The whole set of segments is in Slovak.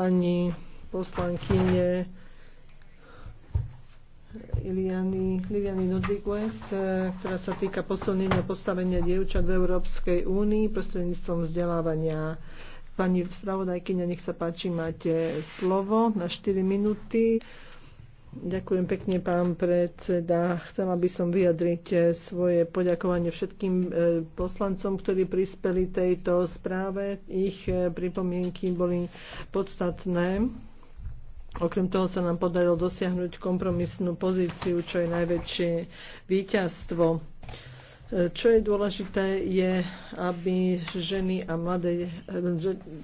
pani poslankyne Iliany, Iliany Nodriguez, eh, ktorá sa týka posilnenia postavenia dievčat v Európskej únii prostredníctvom vzdelávania. Pani spravodajkyňa, nech sa páči, máte slovo na 4 minúty. Ďakujem pekne, pán predseda. Chcela by som vyjadriť eh, svoje poďakovanie všetkým eh, poslancom, ktorí prispeli tejto správe. Ich eh, pripomienky boli podstatné. Okrem toho sa nám podarilo dosiahnuť kompromisnú pozíciu, čo je najväčšie víťazstvo. Čo je dôležité, je, aby ženy a mladé,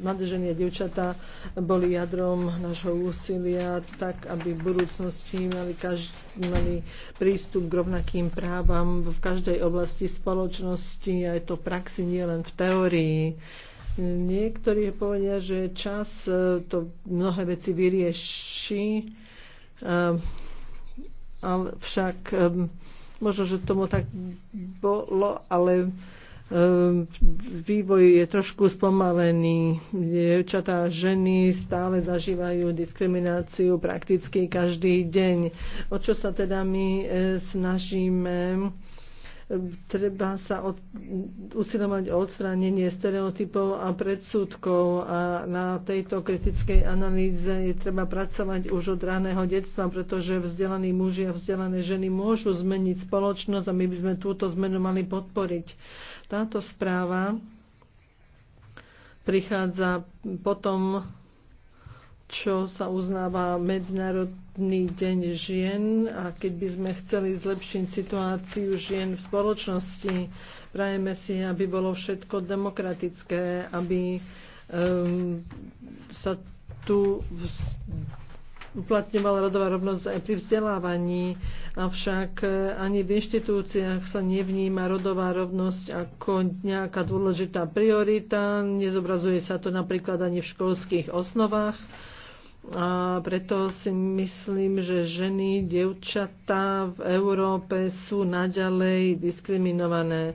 mladé ženy a dievčatá boli jadrom nášho úsilia, tak aby v budúcnosti mali, každý, mali prístup k rovnakým právam v každej oblasti spoločnosti a je to v praxi nielen v teórii. Niektorí povedia, že čas e, to mnohé veci vyrieši, e, avšak Možno, že tomu tak bolo, ale ehm, vývoj je trošku spomalený. Dievčatá ženy stále zažívajú diskrimináciu prakticky každý deň. O čo sa teda my e, snažíme? treba sa od, usilovať o odstránenie stereotypov a predsudkov a na tejto kritickej analýze je treba pracovať už od raného detstva, pretože vzdelaní muži a vzdelané ženy môžu zmeniť spoločnosť a my by sme túto zmenu mali podporiť. Táto správa prichádza potom čo sa uznáva Medzinárodný deň žien a keď by sme chceli zlepšiť situáciu žien v spoločnosti, prajeme si, aby bolo všetko demokratické, aby um, sa tu uplatňovala rodová rovnosť aj pri vzdelávaní, avšak e, ani v inštitúciách sa nevníma rodová rovnosť ako nejaká dôležitá priorita. Nezobrazuje sa to napríklad ani v školských osnovách a preto si myslím, že ženy, dievčatá v Európe sú naďalej diskriminované.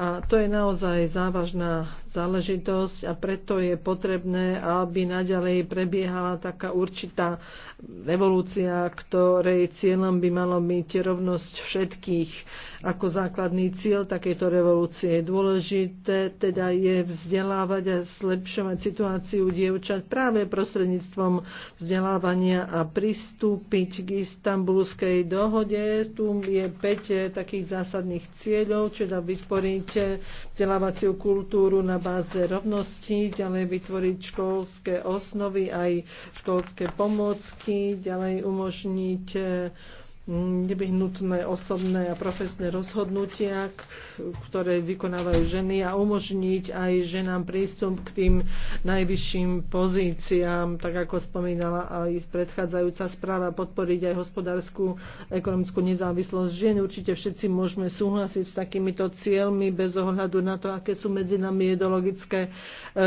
A to je naozaj závažná záležitosť a preto je potrebné, aby naďalej prebiehala taká určitá revolúcia, ktorej cieľom by malo byť rovnosť všetkých. Ako základný cieľ takejto revolúcie je dôležité, teda je vzdelávať a zlepšovať situáciu dievčat práve prostredníctvom vzdelávania a pristúpiť k istambulskej dohode. Tu je 5 eh, takých zásadných cieľov, čiže vytvoriť vytvoriť eh, vzdelávaciu kultúru na báze rovnosti, ďalej vytvoriť školské osnovy, aj školské pomocky, ďalej umožniť eh, nevyhnutné osobné a profesné rozhodnutia, ktoré vykonávajú ženy a umožniť aj ženám prístup k tým najvyšším pozíciám, tak ako spomínala aj predchádzajúca správa, podporiť aj hospodárskú ekonomickú nezávislosť žien. Určite všetci môžeme súhlasiť s takýmito cieľmi bez ohľadu na to, aké sú medzi nami ideologické e, e,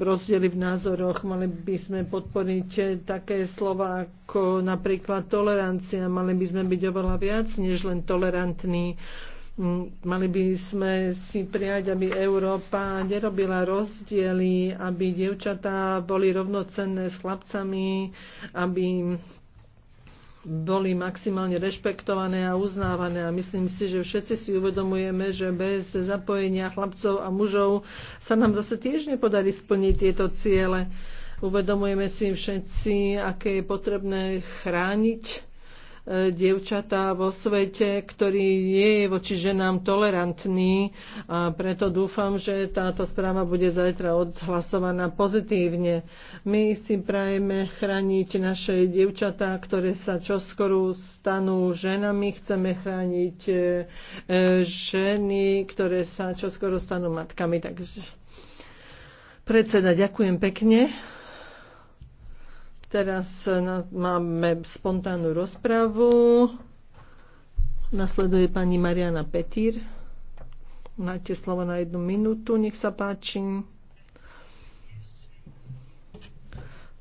rozdiely v názoroch. Mali by sme podporiť také slova ako napríklad tolerancia, mali mali by sme byť oveľa viac než len tolerantní. Mm, mali by sme si prijať, aby Európa nerobila rozdiely, aby dievčatá boli rovnocenné s chlapcami, aby boli maximálne rešpektované a uznávané. A myslím si, že všetci si uvedomujeme, že bez zapojenia chlapcov a mužov sa nám zase tiež nepodarí splniť tieto ciele. Uvedomujeme si všetci, aké je potrebné chrániť E, dievčatá vo svete, ktorý nie je voči ženám tolerantný. A preto dúfam, že táto správa bude zajtra odhlasovaná pozitívne. My si prajeme chrániť naše dievčatá, ktoré sa čoskoro stanú ženami. Chceme chrániť e, e, ženy, ktoré sa čoskoro stanú matkami. Takže predseda, ďakujem pekne. Teraz máme spontánnu rozpravu. Nasleduje pani Mariana Petír. Máte slovo na jednu minútu, nech sa páči.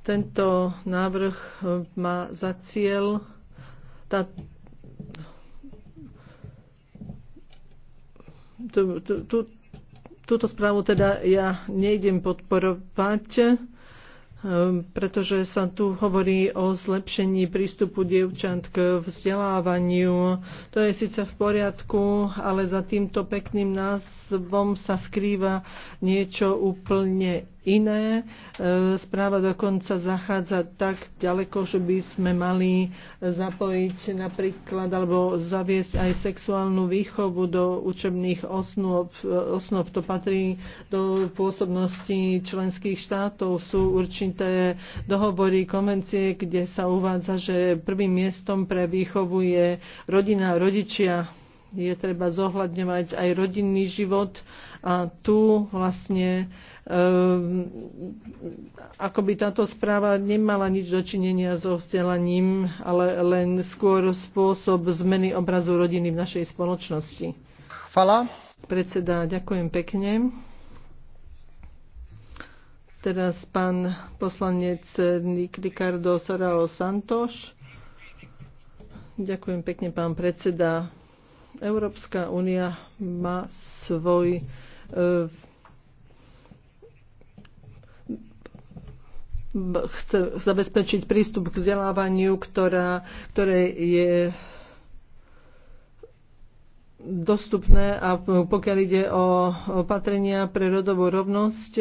Tento návrh eh, má za cieľ tá, tú, tú, túto správu teda ja nejdem podporovať Ehm, pretože sa tu hovorí o zlepšení prístupu dievčat k vzdelávaniu. To je síce v poriadku, ale za týmto pekným názvom sa skrýva niečo úplne iné. E, správa dokonca zachádza tak ďaleko, že by sme mali zapojiť napríklad alebo zaviesť aj sexuálnu výchovu do učebných osnov. E, osnov. To patrí do pôsobnosti členských štátov. Sú určité dohovory, konvencie, kde sa uvádza, že prvým miestom pre výchovu je rodina, rodičia je treba zohľadňovať aj rodinný život a tu vlastne Ehm, ako by táto správa nemala nič dočinenia so vzdelaním, ale len skôr spôsob zmeny obrazu rodiny v našej spoločnosti. Fala. Predseda, ďakujem pekne. Teraz pán poslanec Nik Ricardo Sorao Santoš. Ďakujem pekne, pán predseda. Európska únia má svoj e, chce zabezpečiť prístup k vzdelávaniu, ktorá, ktoré je dostupné a pokiaľ ide o opatrenia pre rodovú rovnosť,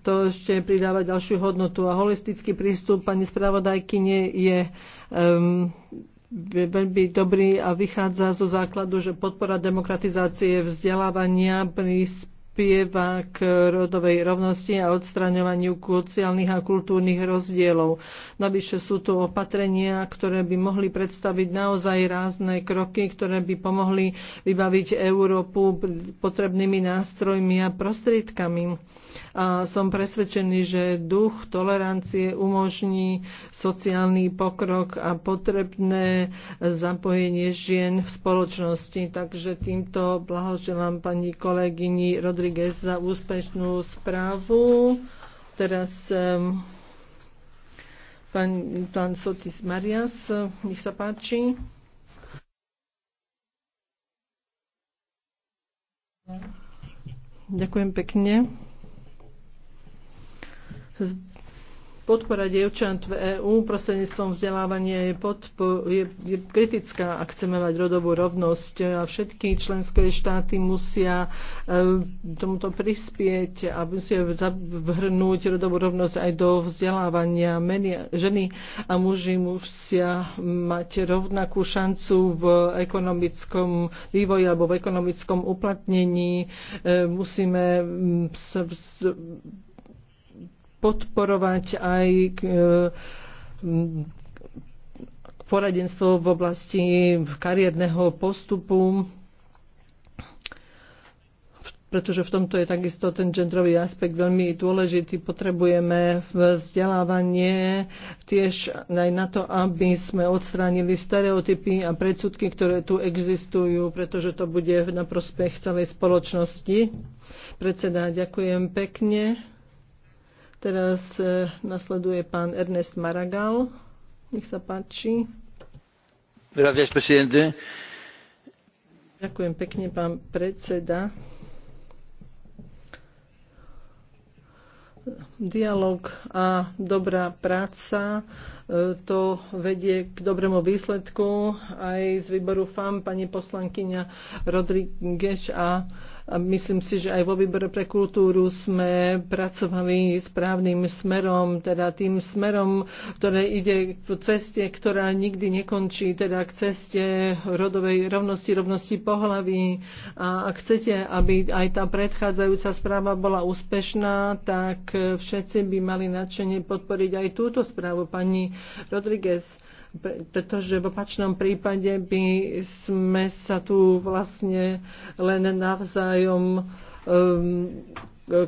to ešte pridáva ďalšiu hodnotu. A holistický prístup pani spravodajkyne je um, veľmi dobrý a vychádza zo základu, že podpora demokratizácie vzdelávania, prís, prispieva k rodovej rovnosti a odstraňovaniu sociálnych a kultúrnych rozdielov. Navyše sú tu opatrenia, ktoré by mohli predstaviť naozaj rázne kroky, ktoré by pomohli vybaviť Európu potrebnými nástrojmi a prostriedkami. A som presvedčený, že duch tolerancie umožní sociálny pokrok a potrebné zapojenie žien v spoločnosti. Takže týmto blahoželám pani kolegyni Rodríguez Rodriguez za úspešnú správu. Teraz um, pán, pán Sotis Marias, nech sa páči. Ďakujem pekne Podpora dievčat v EÚ prostredníctvom vzdelávania je, podpo- je, je kritická, ak chceme mať rodovú rovnosť a všetky členské štáty musia e, tomuto prispieť a musia vhrnúť rodovú rovnosť aj do vzdelávania. Meni, ženy a muži musia mať rovnakú šancu v ekonomickom vývoji alebo v ekonomickom uplatnení. E, musíme sa podporovať aj k, e, poradenstvo v oblasti kariérneho postupu, pretože v tomto je takisto ten genderový aspekt veľmi dôležitý. Potrebujeme vzdelávanie tiež aj na to, aby sme odstránili stereotypy a predsudky, ktoré tu existujú, pretože to bude na prospech celej spoločnosti. Predseda, ďakujem pekne. Teraz e, nasleduje pán Ernest Maragal. Nech sa páči. Gracias, presidente. Ďakujem pekne, pán predseda. Dialóg a dobrá práca e, to vedie k dobrému výsledku aj z výboru FAM pani poslankyňa Rodríguez a a myslím si, že aj vo výbore pre kultúru sme pracovali správnym smerom, teda tým smerom, ktoré ide k ceste, ktorá nikdy nekončí, teda k ceste rodovej rovnosti, rovnosti pohlaví. A ak chcete, aby aj tá predchádzajúca správa bola úspešná, tak všetci by mali nadšenie podporiť aj túto správu pani Rodriguez pretože v opačnom prípade by sme sa tu vlastne len navzájom navzájom um,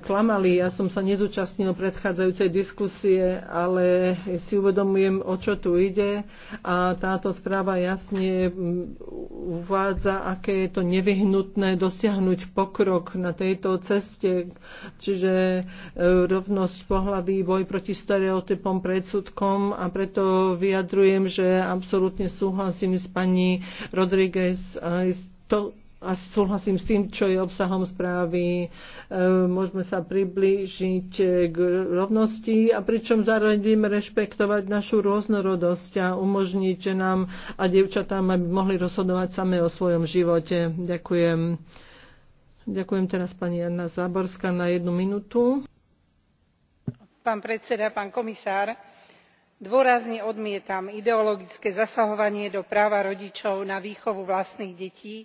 klamali. Ja som sa nezúčastnil predchádzajúcej diskusie, ale si uvedomujem, o čo tu ide a táto správa jasne mm, uvádza, aké je to nevyhnutné dosiahnuť pokrok na tejto ceste, čiže e, rovnosť pohlaví, boj proti stereotypom, predsudkom a preto vyjadrujem, že absolútne súhlasím s pani Rodriguez aj s to, a súhlasím s tým, čo je obsahom správy. E, môžeme sa priblížiť k rovnosti a pričom zároveň budeme rešpektovať našu rôznorodosť a umožniť, že nám a devčatám aby mohli rozhodovať same o svojom živote. Ďakujem. Ďakujem teraz pani Anna Záborská na jednu minútu. Pán predseda, pán komisár, dôrazne odmietam ideologické zasahovanie do práva rodičov na výchovu vlastných detí,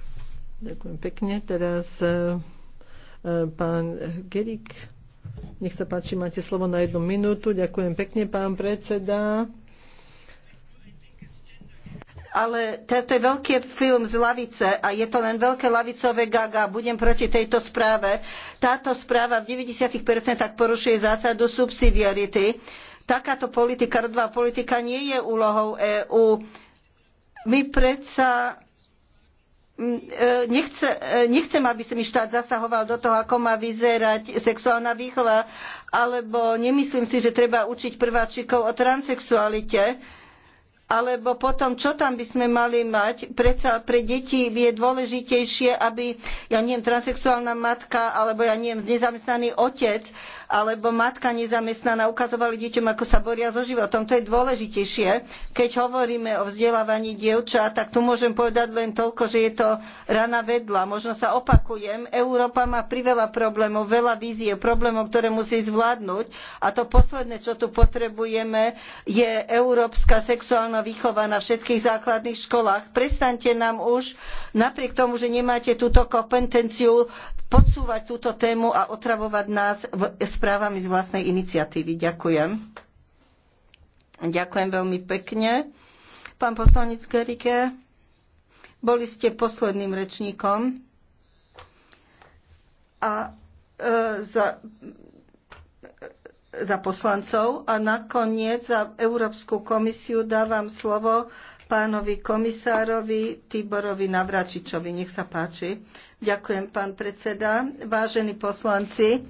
Ďakujem pekne. Teraz e, e, pán Gerik. Nech sa páči, máte slovo na jednu minútu. Ďakujem pekne, pán predseda ale toto je veľký film z lavice a je to len veľké lavicové gaga. Budem proti tejto správe. Táto správa v 90% porušuje zásadu subsidiarity. Takáto politika, rodová politika nie je úlohou EÚ. My predsa Mm, e, e, nechcem, aby sa mi štát zasahoval do toho, ako má vyzerať sexuálna výchova, alebo nemyslím si, že treba učiť prváčikov o transexualite, alebo potom, čo tam by sme mali mať. Predsa pre deti je dôležitejšie, aby, ja neviem, transexuálna matka, alebo ja neviem, nezamestnaný otec, alebo matka nezamestnaná ukazovali deťom, ako sa boria so životom. To je dôležitejšie. Keď hovoríme o vzdelávaní dievčat, tak tu môžem povedať len toľko, že je to rana vedla. Možno sa opakujem. Európa má priveľa problémov, veľa vízie, problémov, ktoré musí zvládnuť. A to posledné, čo tu potrebujeme, je európska sexuálna výchova na všetkých základných školách. Prestaňte nám už, napriek tomu, že nemáte túto kompetenciu, podsúvať túto tému a otravovať nás v správami z vlastnej iniciatívy. Ďakujem. Ďakujem veľmi pekne. Pán poslanec Kerike, boli ste posledným rečníkom a e, za, e, za poslancov. A nakoniec za Európsku komisiu dávam slovo pánovi komisárovi Tiborovi Navračičovi. Nech sa páči. Ďakujem, pán predseda. Vážení poslanci,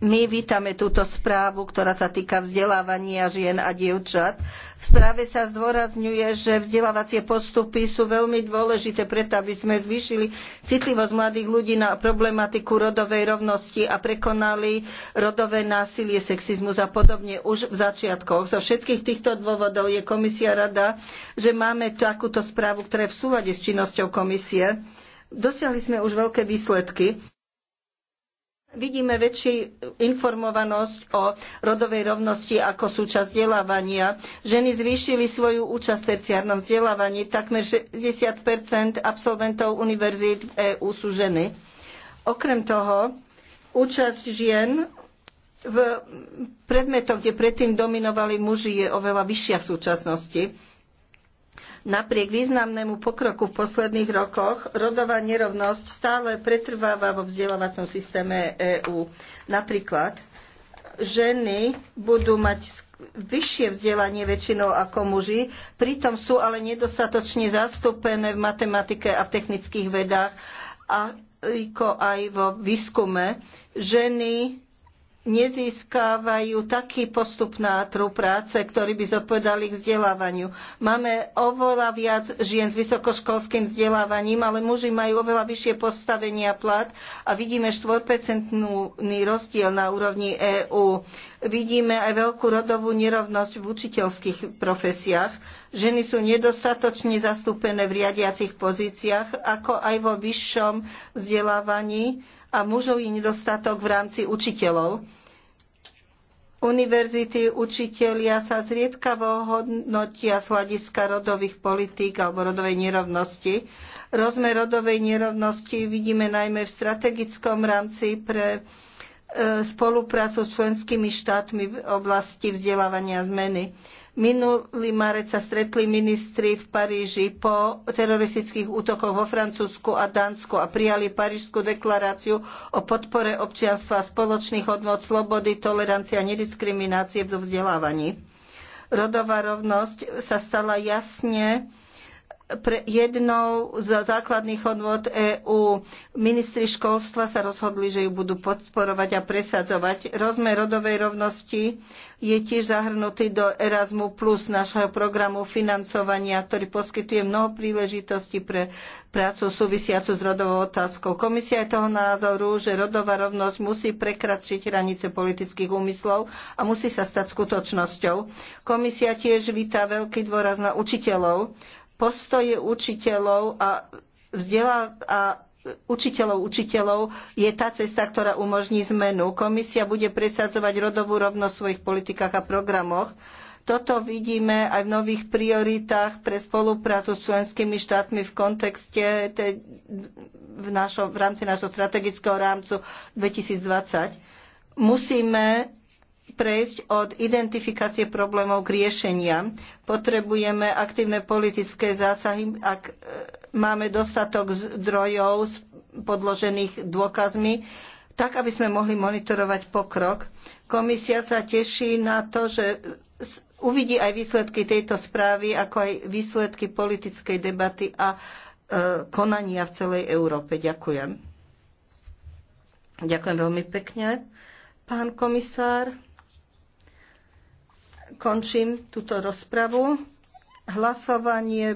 my vítame túto správu, ktorá sa týka vzdelávania žien a dievčat. V správe sa zdôrazňuje, že vzdelávacie postupy sú veľmi dôležité preto, aby sme zvýšili citlivosť mladých ľudí na problematiku rodovej rovnosti a prekonali rodové násilie, sexizmus a podobne už v začiatkoch. Zo všetkých týchto dôvodov je komisia rada, že máme takúto správu, ktorá je v súlade s činnosťou komisie. Dosiahli sme už veľké výsledky. Vidíme väčšiu informovanosť o rodovej rovnosti ako súčasť vzdelávania. Ženy zvýšili svoju účasť v terciárnom vzdelávaní. Takmer 60 absolventov univerzít v EÚ sú ženy. Okrem toho, účasť žien v predmetoch, kde predtým dominovali muži, je oveľa vyššia v súčasnosti. Napriek významnému pokroku v posledných rokoch rodová nerovnosť stále pretrváva vo vzdelávacom systéme EÚ. Napríklad ženy budú mať vyššie vzdelanie väčšinou ako muži, pritom sú ale nedostatočne zastúpené v matematike a v technických vedách, ako aj vo výskume. Ženy nezískávajú taký postup na trhu práce, ktorý by zodpovedal ich vzdelávaniu. Máme oveľa viac žien s vysokoškolským vzdelávaním, ale muži majú oveľa vyššie postavenia plat a vidíme 4 rozdiel na úrovni EÚ. Vidíme aj veľkú rodovú nerovnosť v učiteľských profesiách. Ženy sú nedostatočne zastúpené v riadiacich pozíciách, ako aj vo vyššom vzdelávaní a mužov je nedostatok v rámci učiteľov. Univerzity, učitelia sa zriedkavo hodnotia z hľadiska rodových politík alebo rodovej nerovnosti. Rozmer rodovej nerovnosti vidíme najmä v strategickom rámci pre e, spoluprácu s členskými štátmi v oblasti vzdelávania zmeny. Minulý marec sa stretli ministri v Paríži po teroristických útokoch vo Francúzsku a Dánsku a prijali Parížskú deklaráciu o podpore občianstva a spoločných hodnot slobody, tolerancie a nediskriminácie vo vzdelávaní. Rodová rovnosť sa stala jasne pre jednou z základných odvod EÚ. Ministri školstva sa rozhodli, že ju budú podporovať a presadzovať. Rozmer rodovej rovnosti je tiež zahrnutý do Erasmu Plus nášho programu financovania, ktorý poskytuje mnoho príležitostí pre prácu súvisiacu s rodovou otázkou. Komisia je toho názoru, že rodová rovnosť musí prekračiť hranice politických úmyslov a musí sa stať skutočnosťou. Komisia tiež vítá veľký dôraz na učiteľov, postoje učiteľov a, vzdelá- a učiteľov učiteľov je tá cesta, ktorá umožní zmenu. Komisia bude presadzovať rodovú rovnosť v svojich politikách a programoch. Toto vidíme aj v nových prioritách pre spoluprácu s členskými štátmi v kontexte v, našo, v rámci nášho strategického rámcu 2020. Musíme prejsť od identifikácie problémov k riešeniam. Potrebujeme aktívne politické zásahy, ak e, máme dostatok zdrojov podložených dôkazmi, tak aby sme mohli monitorovať pokrok. Komisia sa teší na to, že uvidí aj výsledky tejto správy, ako aj výsledky politickej debaty a e, konania v celej Európe. Ďakujem. Ďakujem veľmi pekne. Pán komisár. Končím túto rozpravu. Hlasovanie